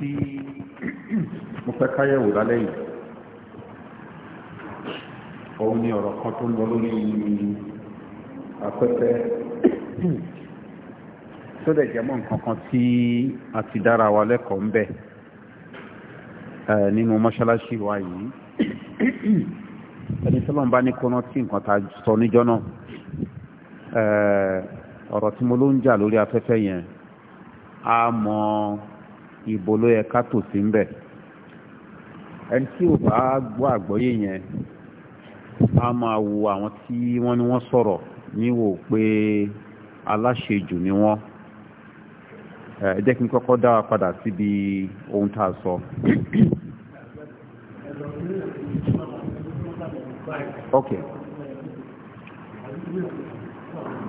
tí mo fẹ́ káyẹ̀wò lálẹ́ yìí òun ni ọ̀rọ̀ kan tó ń lọ lórí afẹ́fẹ́ tó dẹ̀ jẹ́ mọ́ nǹkan kan tí a ti dára wa lẹ́kọ̀ọ́ ń bẹ̀ nínú mọ́ṣáláṣí wa yìí ẹni tó lọ́n bá ní kóná tí nǹkan ta sọ níjọ́ náà ọ̀rọ̀ tí mo ló ń jà lórí afẹ́fẹ́ yẹn a mọ Ibolo ló yẹ ká ń bẹ̀ ẹni tí ò bá gbọ́ àgbọ́yé yẹn a máa wo àwọn tí wọ́n ní wọ́n sọ̀rọ̀ níwò pé aláṣejù ni wọ́n ẹ jẹ́ kí n kọ́kọ́ dá wa sọ.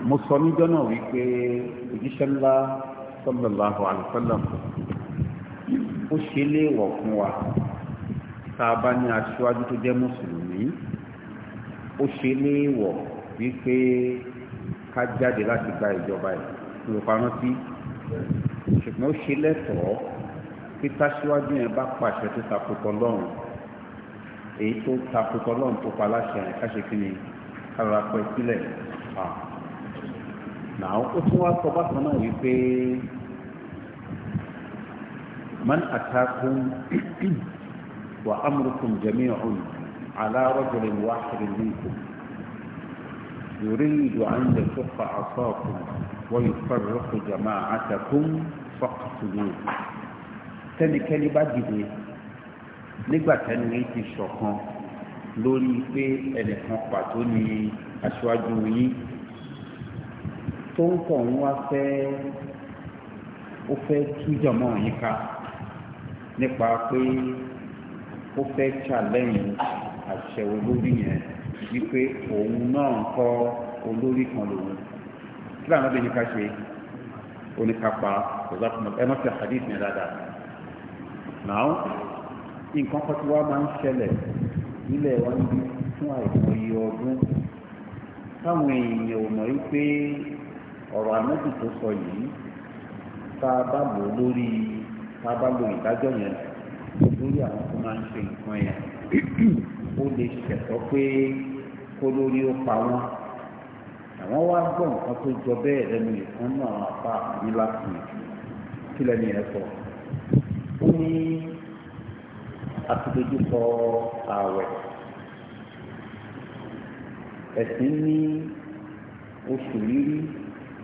mo sọ níjọ́ náà wípé ńlá ó ṣe léèwọ̀ fún wa tá a bá ní aṣíwájú tó jẹ́ mùsùlùmí ó ṣe léèwọ̀ wípé ká jáde láti gba ìjọba ẹ̀ lópa rántí ṣùgbọ́n ó ṣe lẹ́tọ̀ọ́ títa síwájú yẹn bá pàṣẹ tó takùtọ lọ́rùn èyí tó takùtọ lọ́rùn tó pa láṣẹ yẹn káṣe kí ni kára pẹ́ sílẹ̀ náà ó tún wá sọ bákan náà wípé. من أتاكم وأمركم جميع على رجل واحد منكم يريد أن يشق عصاكم ويفرق جماعتكم فاقتلوه تنكلي بدي nígbà tẹni ti ṣọ̀kan lórí pé ẹnìkan pàtó ni aṣáájú yín tó ń pọ̀ ń wá fẹ́ ó fẹ́ tújọmọ́ yín ká nípa pé ó fẹ́ challenge àṣẹ olórí yẹn wípé òun náà ń kọ́ olórí kan lòun kí làwọn ọdún yìí ká ṣe oníkápá ọ̀gáfúnmọ́ ẹ má fi hadith yẹn dáadáa náà nǹkan kan tí wọ́n máa ń ṣẹlẹ̀ nílẹ̀ wọn bí fún àìmọye ọdún táwọn èèyàn ò mọ̀ wípé ọ̀rọ̀ àmọ́tì tó sọ yìí tá a bá lò lórí tá a bá lo ìdájọ́ yẹn lórí àwọn tó máa ń ṣe nǹkan yẹn ó lè ṣẹ̀tọ́ pé kó lórí ó pa wọ́n àwọn wá gbọ́ nǹkan tó jọ bẹ́ẹ̀ lẹ́nu ìkan náà àwọn apá àbí láti kí lẹ́nu yẹn sọ ó ní àtúndójúkọ ààwẹ̀ ẹ̀sìn ní oṣù rírí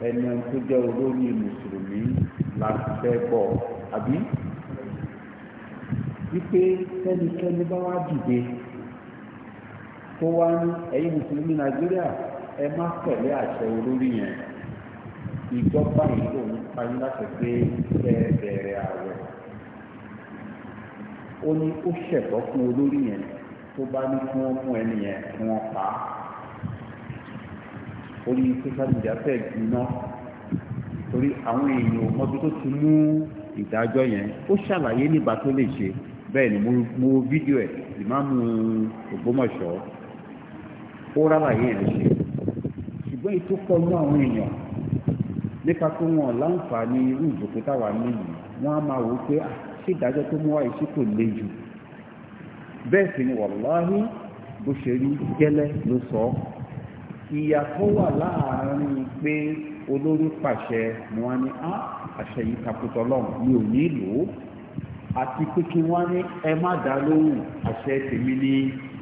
ẹni tó jẹ́ olórí mùsùlùmí láti fẹ́ bọ̀ àbí wípé tẹ́nikẹ́ni bá wá dìde tó wá ní ẹ̀yin mùsùlùmí nàìjíríà ẹ má tẹ̀lé àṣẹ olórí yẹn ìjọba yìí ló ń parí láti gbé bẹ́ẹ̀bẹ̀rẹ̀ ààrẹ ó ní ó ṣẹ̀tọ́ fún olórí yẹn tó bá ní kí wọ́n mú ẹni yẹn kí wọ́n pa á orí social media fẹ́ẹ̀ gbiná torí àwọn èèyàn ọmọdé tó ti mú ìdájọ́ yẹn ó ṣàlàyé nígbà tó lè ṣe bẹ́ẹ̀ ni mo wo fídíò ẹ̀ ìmáàmù Ògbómọ̀ṣọ́ ó rálàyé yẹn ṣe ṣùgbọ́n ètò kọlu àwọn èèyàn nípa pé wọn láǹfààní irú ìjókòó táwa ní yìí wọn á máa wò ó pé ṣé ìdájọ́ tó mú wá yìí kò le jù bẹ́ẹ̀ sì ni wàláhí bó ṣe rí gẹ́lẹ́ ló sọ ìyàtọ̀ wà láàárín pé olórí pàṣẹ ni á àṣẹ yìí takùtọ̀ lọ́hùn mi ò ní lò ó àti pé kí wọ́n ní ẹ má dá lóhùn àṣẹ tèmi ní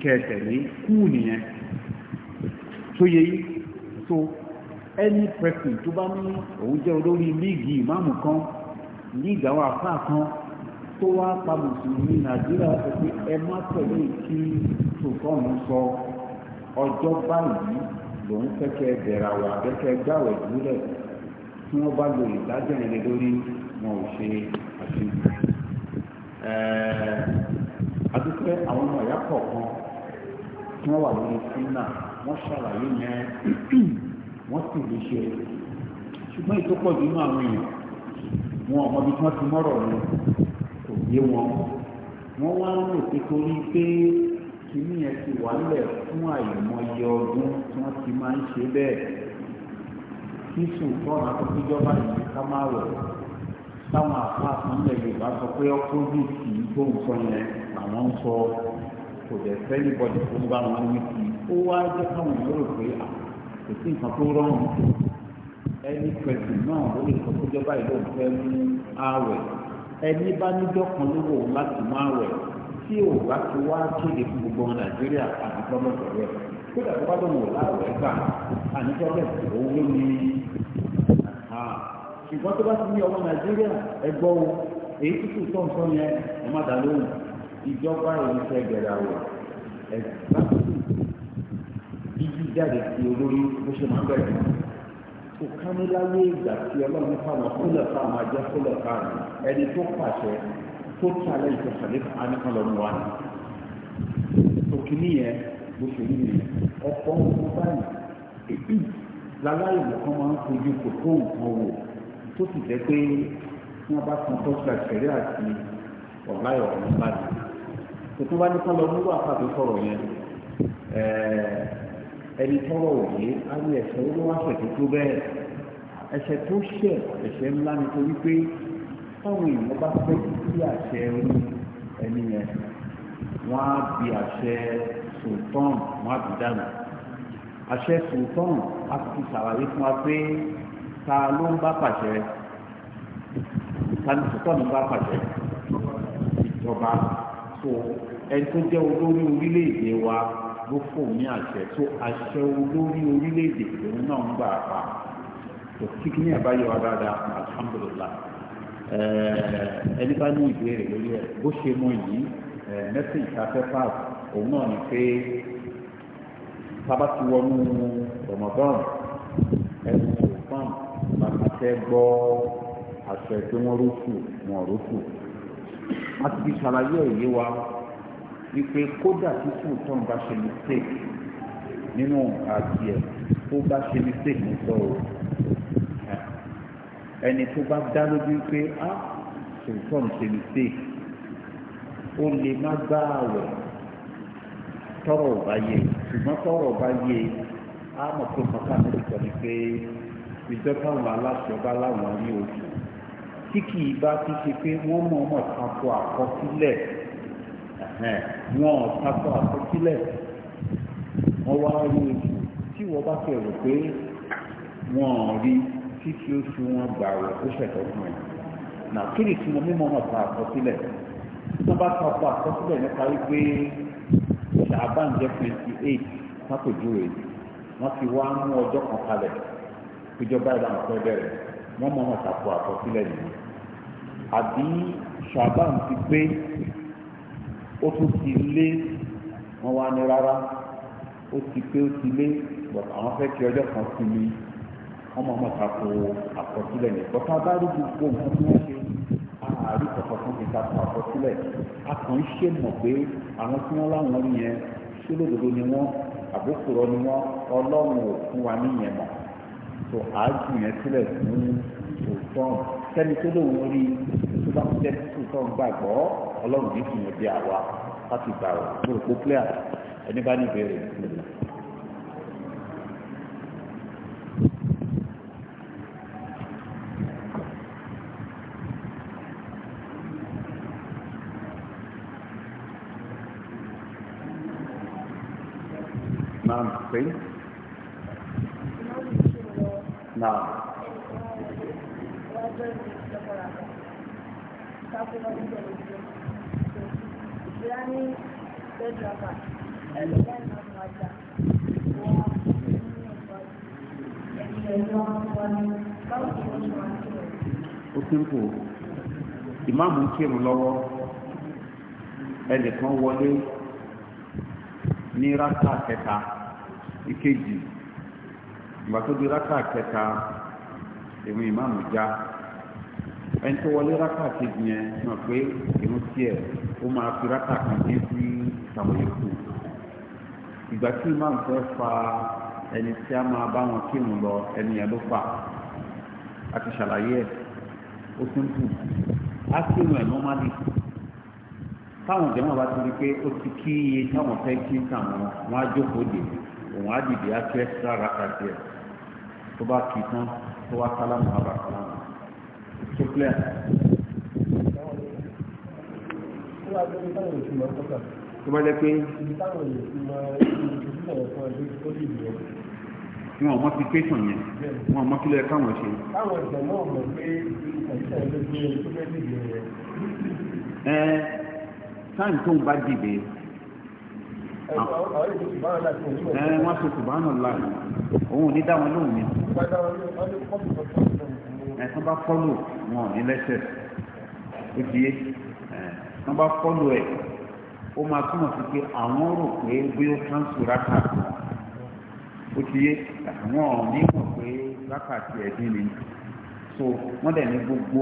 kẹtẹ̀lé kú nìyẹn tó yẹ yìí tó ẹni pẹ̀sìn tó bá ní òun jẹ́ olórí líìgì ìmáàmù kan líìgì àwọn àfáà kan tó wá pa mùsùlùmí nàìjíríà sọ ẹ má tẹ̀lé kí sùkọ́ọ̀nù sọ ọjọ́ báyìí lòun fẹ́ kẹ́ àwọn àbẹ́kẹ́ gbàwẹ̀ dúró lẹ́yìn tí wọ́n bá lo ìdájọ́ yẹn lórí wọn ò ṣe àṣejù. adúpẹ́ àwọn ọmọ ìyá kọ̀ọ̀kan tí wọ́n wà lórí sínà wọ́n ṣàlàyé yẹn wọ́n sì lè ṣe ṣùgbọ́n ìtọ́pọ̀jù inú àwọn èèyàn wọn ọmọ ibi wọ́n ti mọ́rọ̀ ni kò yé wọn wọ́n wá ń rò pé torí pé kìnìyàn ti wà nílẹ̀ fún àìmọye ọdún tí wọ́n ti máa ń ṣe bẹ́ẹ̀ yíṣù tọ́nà tó fi jọba yìí ká máa wẹ̀ táwọn àpáàkùn ilẹ̀ yorùbá sọ pé ọkọ bí kì í tó nǹkan yẹn àwọn ń sọ kò dẹ̀ sẹ́yìn bọ́dì tó ń bá wọn ní kì í ó wá jẹ́ káwọn yóò rò pé kò sí nǹkan tó rọrùn ẹni pẹ̀sì náà ló lè sọ pé jọba yìí ló fẹ́ mú ààwẹ̀ ẹni bá níjọ́ kan ló wò láti mú ààwẹ̀ tí ò bá ti wá kéde fún gbogbo nàìjíríà àti tọ́lọ́tọ̀ rẹ̀ kódà tó bá dọ̀nà wò láàwẹ̀ gbà àníjọ́ bẹ̀rẹ̀ òun ló ní ṣùgbọ́n tó bá ti ní ọmọ nàìjíríà ẹgbọ́ o èyí tútù tọ̀ntọ̀n yẹn ẹ má dà lóhùn ìjọba ìlú fẹ́ gẹ̀rẹ́ àwọ̀ ẹ̀gbá jíjí jáde sí olórí bó ṣe máa ń bẹ̀rẹ̀ kò kániláyé ìgbà tí ọlọ́run fáwọn kúlẹ̀ fáwọn ajá kúlẹ̀ fáwọn ẹni tó pàṣẹ tó tí alẹ́ ìfẹ́ sàlẹ̀ àníkan lọ mú wa ni òkìní yẹn bó ṣe rí nìyẹn ọ̀pọ̀ ń báyìí láláìmọ̀ kan máa ń fojú kò tó nǹkan wò tó sì jẹ́ pé wọ́n bá kan tó ṣe àṣẹrí àti ọ̀la ìrọ̀rùn báyìí tuntun bá ní kán lọ nílò àpàtó sọ̀rọ̀ yẹn ẹni tọrọ òye á ní ẹ̀ṣẹ̀ ó ló wá ṣẹ̀tẹ̀ tó bẹ́ẹ̀ ẹ̀ṣẹ̀ tó ṣẹ̀ ẹ̀ṣẹ̀ ńlá nítorí pé táwọn èèyàn bá fẹ́ sí àṣẹ orí ẹni yẹn wọ́n á bi àṣẹ sultan wọ́n á bi dànù àṣẹ sùtọ́n a ti ṣàlàyé fún wa pé ta ló ń bá pàṣẹ ta ni sùtọ́n ń bá pàṣẹ ìjọba tó ẹni tó jẹ́ olórí orílẹ̀-èdè wa ló fò ní àṣẹ tó àṣẹ olórí orílẹ̀-èdè òun náà ń gbà pa kò sí kí ní ẹ̀ bá yọ wa dáadáa alhamdulillah ẹni bá ní ìbéèrè lórí ẹ bó ṣe mọ yìí mẹ́sìlì tá a fẹ́ pààrọ̀ òun náà ni pé sábà ti wọnú Ramadan ẹnu sọfàn bàtà fẹ́ gbọ́ àṣẹ pé wọn rúfù wọn rúfù a ti fi ṣàlàyé òye wa wípé kódà tí sultan bá ṣe mistake nínú àti ẹ tó bá ṣe mistake nìkan o ẹni tó bá dá lójú pé a ah, sultan ṣe mistake ó lè má gbá àwẹ̀ tọrọ ò bá yẹ ṣùgbọ́n tọ́rọ̀ bá yé a mọ̀ tó kọ́kọ́ níbi kan ni pé ìjọ táwọn aláṣẹ bá láwọn rí ojú tí kì í bá ti ṣe pé wọ́n mọ̀ ọmọ tako àkọsílẹ̀ wọn ò tako àkọsílẹ̀ wọ́n wá rí ojú tí wọ́n bá fẹ́ rò pé wọ́n ò rí títí ó fi wọn gbà rẹ̀ ó ṣẹ̀tọ́ fún ẹ̀ nà tí mo mímọ́ ọmọ ta àkọsílẹ̀ tó bá tako àkọsílẹ̀ nípa wípé ṣàbán jẹ́ twenty eight mákòjúwe wọ́n ti wá mú ọjọ́ kan kalẹ̀ ìjọba ìlànà fẹ́ bẹ̀rẹ̀ wọ́n mọ̀ ọ́n ṣàpò àkọsílẹ̀ nìyí àbí ṣàbán ti pé ó tún ti lé wọ́n wá ní rárá ó ti pé ó ti lé but àwọn fẹ́ kí ọjọ́ kan sí wọ́n mọ̀ ọ́n ṣàpò àkọsílẹ̀ nìyí bọ́tà bá rí gbogbo nǹkan tí wọ́n ṣe àrí kọ̀ọ̀kan fún kíkà fún àkọsílẹ̀ a kàn ń ṣe mọ̀ pé àwọn tí wọ́n láwọn yẹn ṣólódodo ni wọ́n àbókùrọ ni wọ́n ọlọ́run ò fún wa níyẹn mọ̀ tó àájú yẹn sílẹ̀ fún òtọ́n sẹ́ni tó lóun rí tó bá jẹ́ òtọ́n gbàgbọ́ ọlọ́run ní fìyàn bí àwa láti gbà ó lóòpó clear ẹni bá ní ìbéèrè nígbà. نعم سيد نعم ó simple ìmáàmù lọ́wọ́ ẹnìkan wọlé ní rákà kẹta. ìkejì ìgbà tó di rákà kẹta èmi ìmáàmù já ẹni tó wọlé rákà kejì yẹn mọ̀ pé èmi ó máa fi rákà kan dé sí ìtàwọn ìgbà tí ìmáàmù fẹ́ fa ẹni tí a máa bá wọn kírun lọ ẹni yẹn ló fà á ti ṣàlàyé ẹ̀ ó ti kù á kírun ẹ̀ nọ́málì táwọn jẹ́mọ̀ bá ti rí i pé ó ti kí iye òun á dìde á tún ẹ́sítà rákà díẹ̀ tó bá kì í tán tó wá sálámù àbá sálámù tó clear. tó bá jẹ́ pé wọn ọmọ ti tẹsán yẹn wọn ọmọ kílẹ̀ káwọn ṣe. káwọn ìgbà náà mọ̀ pé ìṣẹ̀lẹ̀ ló gbé ẹgbẹ́ e dìde rẹ̀. ẹ táyì tóun bá dìde ẹ eh, wọ́n ṣe ṣùgbọ́n láì òun ò ní dá wọn lóhùn ni ẹ̀sán eh, bá fọ́lù wọn ò ní lẹ́sẹ̀ ó di é ẹ̀sán eh, bá fọ́lù ẹ̀ ó máa túmọ̀ sí pé àwọn rò pé bí ó kánṣu rákà ó ti yé àwọn ò ní mọ̀ pé rákà ti ẹ̀dín ni so wọ́n dẹ̀ ní gbogbo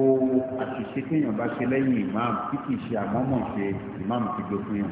àṣìṣe kéèyàn bá ṣe lẹ́yìn ìmáàmù tí kì í ṣe àmọ́mọ̀ ṣe ìmáàmù ti gbé fún yàn.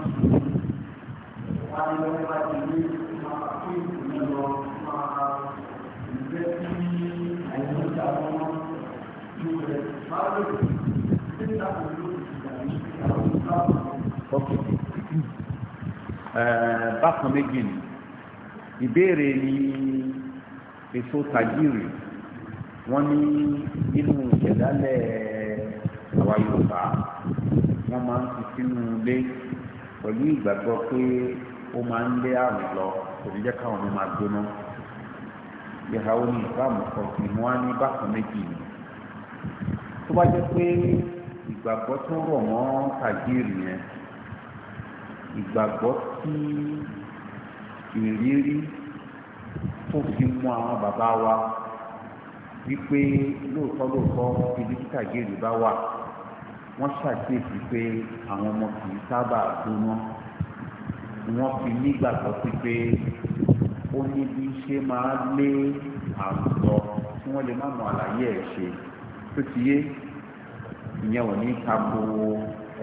báyìí lọ́wọ́ bá ti ní máa kí ìpínlẹ̀ lọ máa ìgbẹ́ sí àìmọ́ ìjà wọn ní rẹ̀ máa lè ṣe ìdáàbò lórí ìjà ní bákan méjì ni ìbéèrè ni èso tajiri wọ́n ní inú ìṣẹ̀dálẹ̀ àwa Yorùbá wọ́n máa ń fi sínú ilé pẹ̀lú ìgbàgbọ́ pé ó máa ń lé àrùn lọ kò ní jẹ́ káwọn mi máa gbóná ìhàwó ní ìbámu kan kì í wá ní bákan méjì ni tó bá jẹ́ pé ìgbàgbọ́ tó rọ̀ mọ́ kàdírì yẹn ìgbàgbọ́ tí ìrírí tó fi mú àwọn bàbá wa wípé lóòótọ́ lóòótọ́ ibi tí kàdírì bá wà wọ́n ṣàkíyèsí pé àwọn ọmọ kì í sábà gbóná wọ́n fi nígbàgbọ́ pípé ó ní bí ṣe máa lé àwùjọ tí wọ́n lè má mọ àlàyé ẹ̀ ṣe tó ti yé ìyẹn ò ní tako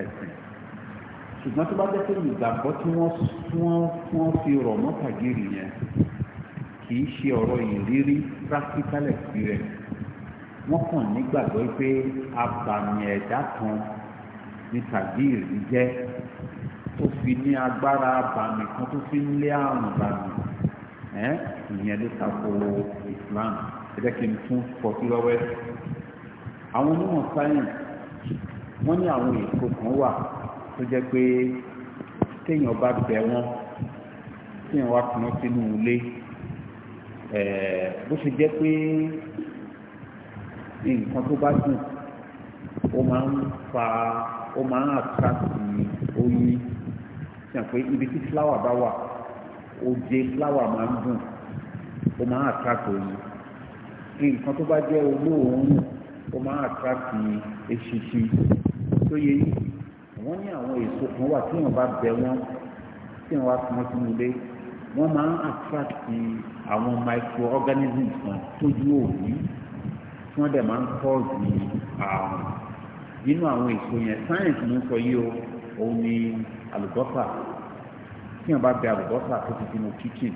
ẹ̀sìn ṣùgbọ́n tó bá jẹ́ pé ìgbàgbọ́ tí wọ́n fi rọ̀ mọ́ kàgìrì yẹn kì í ṣe ọ̀rọ̀ ìrírí practical experience wọ́n kàn nígbàgbọ́ pé abàmì ẹ̀dá kan ní kàgìrì jẹ́ tó fi ní agbára bàmì kan tó fi ń lé àrùn bàmì ẹ ìyẹn ló tako Islam ẹ jẹ́ kí n tún fọtí lọ́wọ́ ẹ̀ àwọn onímọ̀ sáyẹ̀nsì wọ́n ní àwọn èso kan wà tó jẹ́ pé téèyàn bá bẹ̀ wọ́n téèyàn wá kùnà sínú ilé bó ṣe jẹ́ pé nǹkan tó bá dùn ó máa ń fa ó máa ń àtúntà oyin sàn pé ibi tí fúláwà bá wà oje fúláwà máa ń dùn ó máa ń attract oyin nǹkan tó bá jẹ́ olóòórùn ó máa ń attract eṣinṣin tó yẹ wọ́n ní àwọn èso kan wà tí wọ́n bá bẹ wọ́n tí wọ́n wá fi wọ́n sínú ilé wọ́n máa ń attract àwọn microorganisms kan tójú òní tí wọ́n dẹ̀ máa ń cause àrùn nínú àwọn èso yẹn science ló ń sọ yìí o òun ni àlùbọ́sà tí wọ́n bá bẹ àlùbọ́sà tó ti fi mọ kíchìn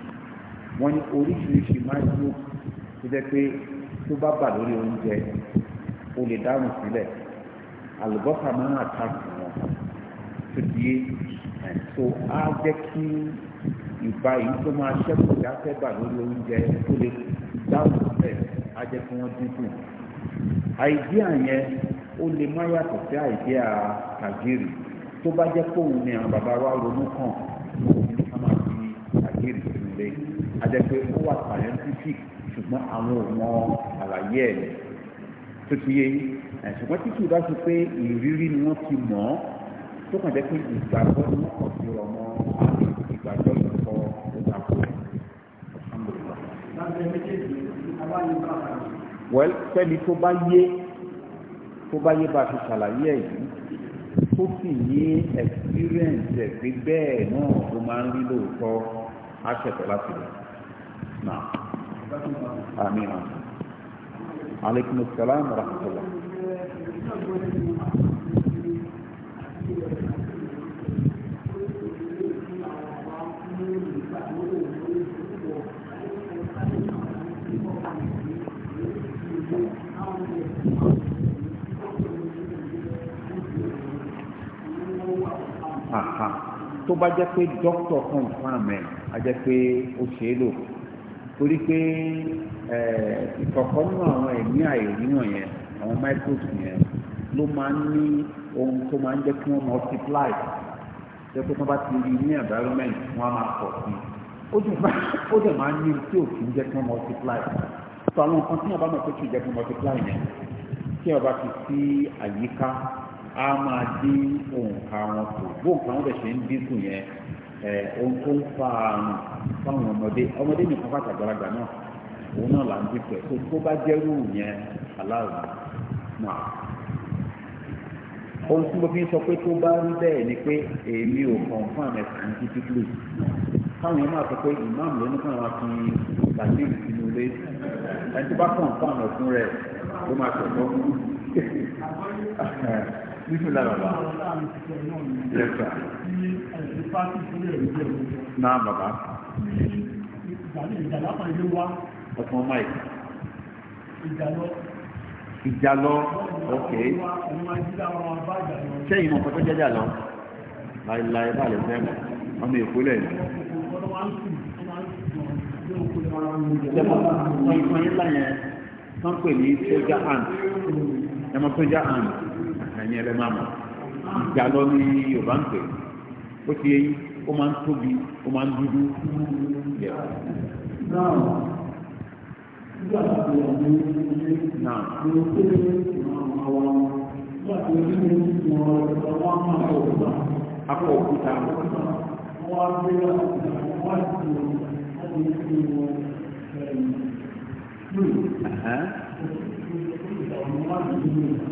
wọ́n ní oríṣiríṣi máìkúrò tó jẹ́ pé tó bá bà lórí oúnjẹ o lè dárùn sílẹ̀ àlùbọ́sà máa ń àtàkùn wọn tó di é so á jẹ́ kí ìgbà yìí tó máa ṣẹ́kù dákẹ́bà lórí oúnjẹ tó lè dáhùn sílẹ̀ á jẹ́ kí wọ́n dínkù. àìdíà yẹn ó lè má yàtọ̀ sí àìdíà kàgìrì tó bá jẹ́ kóun ni àwọn bàbá wa ronú kàn òun ni ká máa fi àgbèrè sínú ilé adẹ́pẹ́ ó wà scientific ṣùgbọ́n àwọn ò mọ àlàyé ẹ̀ lẹ̀ tó ti yé ṣùgbọ́n títí bá ti pé ìrírí ni wọ́n ti mọ̀ ọ́ tó kàn jẹ́ pé ìgbàgbọ́ ni wọ́n kàn fi rọ̀ mọ́ àti ìgbàgbọ́ ìkọ́ ọ̀gá kọ́ well tó bá yé tó bá yé bá a ti ṣàlàyé ẹ̀ yìí ó sì ní experience ẹ̀ pé bẹ́ẹ̀ náà ó máa ń rí lóòótọ́ àṣẹ̀tọ̀ láti rẹ̀ náà àmì náà Thank you. àká tó bá jẹ́ pé dókítà kan fún àmẹ́ a jẹ́ pé ó ṣe é lò torí pé ìkọ̀kọ́ nínú àwọn ẹ̀mí àìrí náà yẹn àwọn microbes yẹn ló máa ń ní ohun tó máa ń jẹ́ kí wọ́n multiply jẹ́ pé wọ́n bá ti rí ní environment wọ́n á máa pọ̀ sí ó dẹ̀ máa ń ní tí ò kí ń jẹ́ kí wọ́n multiply tó àwọn nǹkan tí wọ́n bá mọ̀ pé kì í jẹ́ kí wọ́n multiply yẹn tí wọ́n bá fi sí àyíká A máa dín òǹkà wọn kù wọn bẹ̀ ṣe ń dínkù yẹn ohun tó ń fa àrùn fáwọn ọmọdé ọmọdé nìkan pàtàkìgbàlagbà náà òun náà là ń tó tó bá yẹn tó bá bẹ́ẹ̀ ni pé èmi ò kàn fún àmì ẹ̀sìn ní títí káwọn yẹn máa sọ pé ìmáàmù ló ní fi ìsinmi lé ẹni tó bá kàn fún àmì ẹ̀sìn Bísmìlá bàbá. Yẹ́sà. Náà bàbá. Ọ̀tún ọmọ Ìjàlọ. ok. Ṣé ìmọ̀ kan tó jẹ́jà lọ? Láìláì bá lè fẹ́ Ọmọ èkó lẹ̀ ní. Ìjọba ọ̀sán pè ní Soja Hand. Ẹmọ Soja Hand ẹ̀yìn ẹ̀rẹ́ máa mọ̀ ìjàlọ ní yorùbá ń pè ó ti yẹyí ó máa ń tóbi ó máa ń dúdú yẹ. akọ òkúta Uh-huh.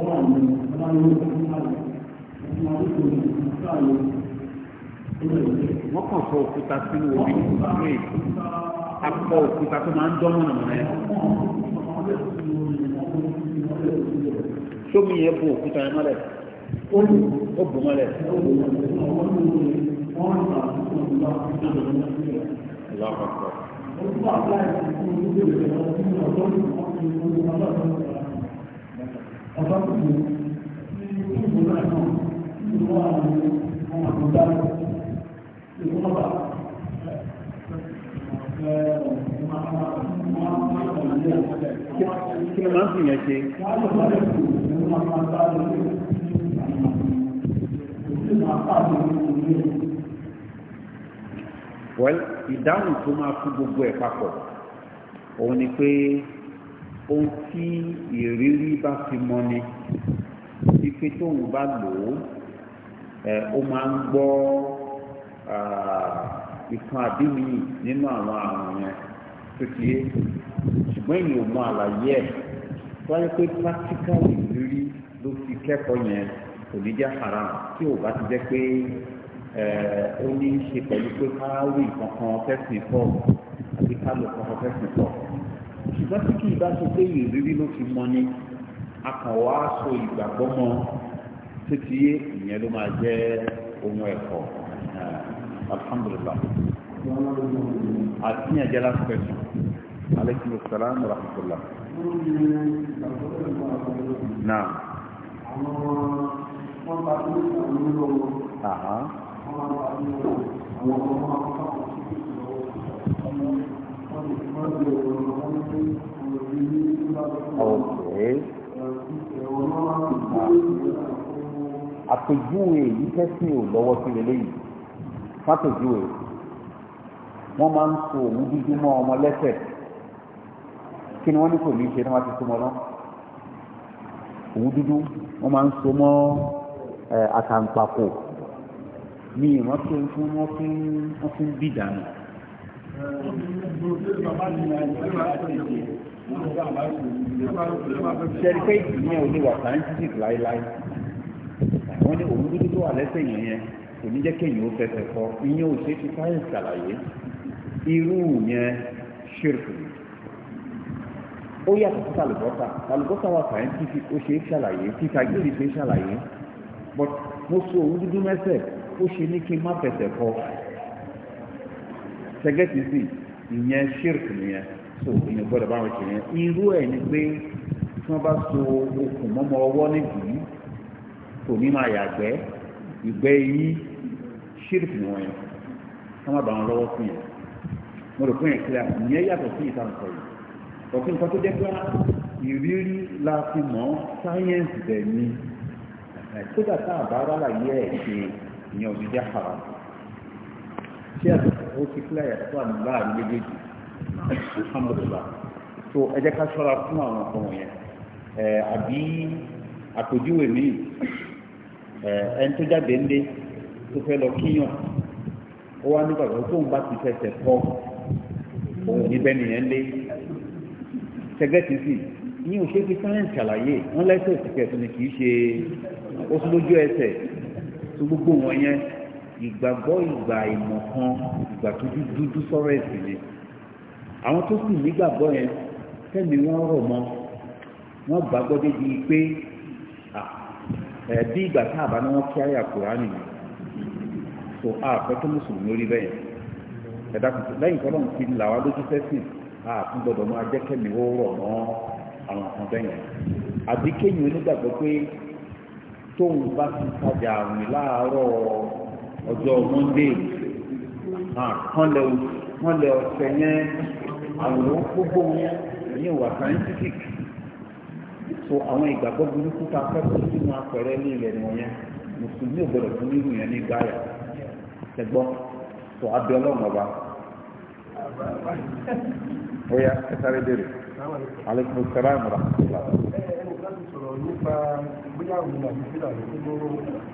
ọwọ́ àwọn ọlọ́run tó ń kálẹ̀ ẹ̀sìn àdúgbò ní ìsàlẹ̀ wọ́n kàn fọ òkúta sínú omi ìwé akọ òkúta tó máa ń dán mọ̀nàmọ́ná yẹn. sómi yẹn bo òkúta yẹn mọ́lẹ̀ ó bò mọ́lẹ̀. lọ́kọ̀ọ̀kọ̀ ọ̀dọ́ tó ní ìlú náà náà ìlú wà ní ọmọ àbúdá ìlú náà bá kí ló máa ń fìyàn ṣe. wẹ́l ìdáhùn tó máa fún gbogbo ẹ̀ papọ̀ òun ni pé ohun tí ìrírí bá fi mọ ni ife tóun bá lò ó ẹ ó máa ń gbọ́ ìkan àbí mi nínú àwọn àrùn yẹn tó ti yé ṣùgbọ́n èyí ò mọ àlàyé ẹ̀ wáyé pé practical ìrírí ló fi kẹ́kọ̀ọ́ yẹn kò ní jẹ́ haram tí ò bá ti jẹ́ pé ó ní í ṣe pẹ̀lú pé ká rí nǹkan kan fọ́ọ̀mù àbí ká lò kankan fẹ́sìn fọ́ọ̀mù ṣùgbọ́n tí kì í bá sọ pé ìrírí ló fi mọ ni akàwọ́ á ìgbàgbọ́ mọ́ títí ìyẹn ló máa jẹ́ ohun ẹ̀kọ́ alhamdulilah àti ìyẹn jẹ́ last question aleykum salaam wa rahmatulah. naam. Aha. Uh -huh. Okay. àpèjúwe yìí tẹ́sí ò lọ́wọ́ sí lélẹ́yìí fàpèjúwe wọ́n máa ń so òun dúdú mọ́ ọmọ lẹ́sẹ̀ kí ni wọ́n ní kò ní ṣe ní wọ́n ti so mọ́ náà òun dúdú wọ́n máa ń so mọ́ àtàǹpàkò ní ìrántí ohun tí wọ́n fi ń bì dànù ṣẹ́ríkẹ́ ìpínlẹ̀ olúwa scientific láíláí wọ́n ní òun dúdú tó wà lẹ́sẹ̀ yẹn yẹn kò ní jẹ́ kéèyàn ó fẹsẹ̀ kọ ìyẹn ò ṣe fi sáyẹ̀nsì àlàyé irú yẹn ṣírkù ó yàtọ̀ sí tàlùbọ́sà tàlùbọ́sà wà scientific ó ṣe é ṣàlàyé títa gírí ṣe é ṣàlàyé but mo so òun dúdú mẹ́sẹ̀ ó ṣe ní kí n má fẹsẹ̀ kọ ṣẹgẹ́tì sí ìyẹn ṣírk nìyẹn so ìyẹn gbọ́dọ̀ bá wọn ṣe yẹn irú ẹ̀ ni pé tí wọ́n bá so okùn mọ́mọ́ ọwọ́ nídìí kò ní máa yàgbẹ́ ìgbẹ́ yìí ṣírk ni wọ́n yẹn wọ́n má bà wọn lọ́wọ́ fún yẹn mo rò fún yẹn kíláà ìyẹn yàtọ̀ sí ìtàn sọ yìí ọ̀fin nǹkan tó jẹ́ pé ìrírí la fi mọ̀ sáyẹ́ǹsì bẹ̀ ni kódà tá a bá rálá yẹ ẹ̀ ṣe ìyẹn òdìjẹ́ haram ṣé ó ti fílẹ̀ yàtọ̀ tó àmì láàrin méjèèjì alhamdulilah so ẹ jẹ́ ká ṣọ́ra fún àwọn ọkọ wọ̀nyẹn ẹ àbí àpèjúwe mi ẹ ẹni tó jáde ńlé tó fẹ́ lọ kíyàn ó wá nígbà tó tóun bá ti fẹsẹ̀ pọ̀ òun níbẹ̀ nìyẹn lé sẹgẹ́tì ní òṣèlú sáyẹ̀nsì àlàyé wọn lẹ́sẹ̀ òsìkẹ́ tó kì í ṣe ó tún lójú ẹsẹ̀ tó gbogbo wọn yẹn ìgbàgbọ́ ìgbà ìmọ̀ kan ìgbà tó dúdú sọ̀rọ̀ ẹ̀sìn ni àwọn tó sì nígbàgbọ́ yẹn tẹ́mi wọ́n rọ̀ mọ́ wọ́n gbàgbọ́ débi pé bí ìgbà tá a bá ní wọ́n kí àyà kùránì ni so àpẹ́ tó mùsùlùmí lórí bẹ́ẹ̀ ẹ̀dá tuntun lẹ́yìn tó lọ́n ti là wá lójú sẹ́sìn àtún gbọ́dọ̀ máa jẹ́ kẹ́mi ó rọ̀ mọ́ àwọn kan bẹ́ẹ̀ àbí kéyìn onígbàgbọ́ ọjọ́ monde wọ́n lẹ wọ́n lẹ ọ̀sẹ̀ yẹn àwòrán gbogbo wọn ní ìwà scientific so àwọn ìgbàgbọ́ burúkú tá a fẹ́ kó sínú ní ilẹ̀ nìyẹn mùsùlùmí ò gbọdọ̀ fún ọba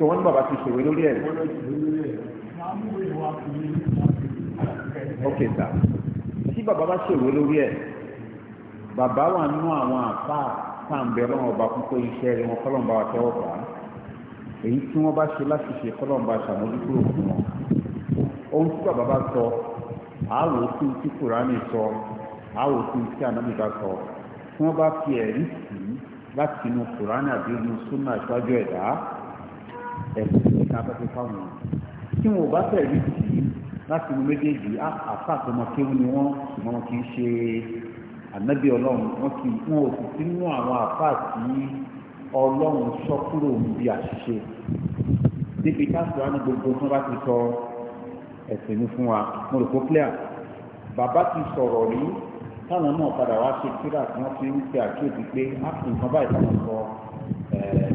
sọ wọ́n ní bàbá ti ṣòwé lórí ẹ̀. ok sir tí bàbá bá ṣòwé lórí ẹ̀ bàbá wà nínú àwọn àpá pàǹbẹ̀ ọlọ́run ọba fún pé iṣẹ́ rẹ̀ wọn kọ́lọ́n bá wa tẹ́wọ́ gbà á èyí tí wọ́n bá ṣe láti ṣe kọ́lọ́n bá ṣàmójúkúrò fún wọn ohun tí bàbá bá sọ àáwò tí tí kùránì sọ àáwò tí tí ànábì bá sọ tí wọ́n bá fi ẹ̀rí sí láti inú kùránì àbí inú súnà ìṣáájú ẹ̀dá ẹ̀sìn ní káfẹ́ fi fáwọn èèyàn tí wọn ò bá fẹ́ rí tì í láti inú méjèèjì àfa àtọmọkéwọn ni wọn ṣùgbọ́n wọn kì í ṣe ànábì ọlọ́run wọn kì í wọn ò sì sínú àwọn àfa àti ọlọ́run sọ kúrò níbi àṣìṣe níbi káàtó àni gbogbo tí wọn bá ti sọ ẹ̀sìn ní fún wa mo rò kó clear bàbá ti sọ̀rọ̀ rí táwọn náà padà wá ṣe kíra tí wọ́n fi ń ṣe àkíyèsí pé á fi nǹkan báyìí táwọn sọ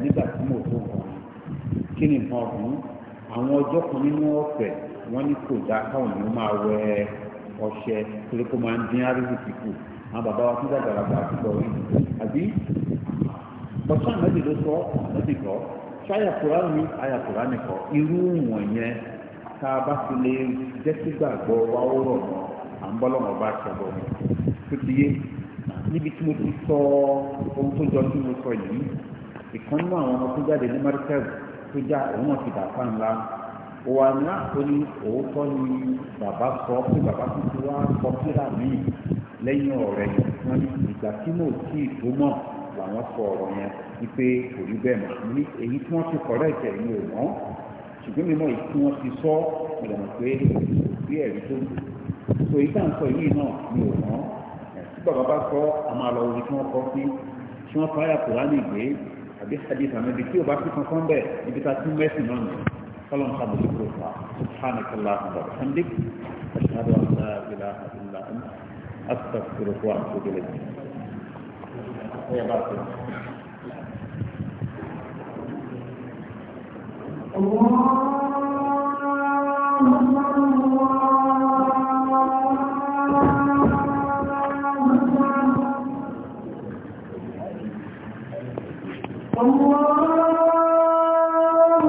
nígbà tí mo tó nǹkan kí ni nǹkan ọ̀hún àwọn ọjọ́ kan nínú ọ̀fẹ́ wọ́n ní kò dáa káwọn èèyàn máa wẹ ọṣẹ torí kó máa ń dín arúgbó kíkù àwọn bàbá wa tún dàgbàlagbà àtúbọ̀ rí àbí bọ́sán mẹ́bí ló sọ lẹ́nìkọ́ ṣáyà kúránì ní àyà kúránì kọ́ irú wọ̀nyẹn tá a bá fi lè jẹ́ sígbàgbọ́ wa ó rọ̀ mọ́ à ń bọ́ lọ́wọ́ bá ṣẹ̀bọ̀ mi tó ti yé níbi tí mo ti sọ ohun tó jọ tí mo sọ yìí ìkan nínú àwọn ọmọ tó jáde ní márùkẹ́rù péjá òun náà ti dàpá ńlá wà ní àkórí òótọ́ ni bàbá sọ pé bàbá tuntun wá sọ kíra míì lẹ́yìn ọ̀rẹ́ wọn ní ìgbà tí mò ń tí ì tó mọ̀ làwọn sọ ọ̀rọ̀ yẹn wípé kò rí bẹ́ẹ̀ mọ̀ ní èyí tí wọ́n ti kọ̀rọ̀ ẹ̀jẹ̀ mi ò ṣùgbọ́n mímọ́ èyí tí wọ́n ti sọ ìlànà pé bí ẹ̀rí tó so èyí tá à sọ yìí náà mi ò tí bàbá bá sọ àmàlọ́ orí tí wọ́n kọ́ sí tí wọ́n fáyà kùránì gbé àbí hadith àwọn ibi tí o bá fi kankan bẹ́ẹ̀ Allah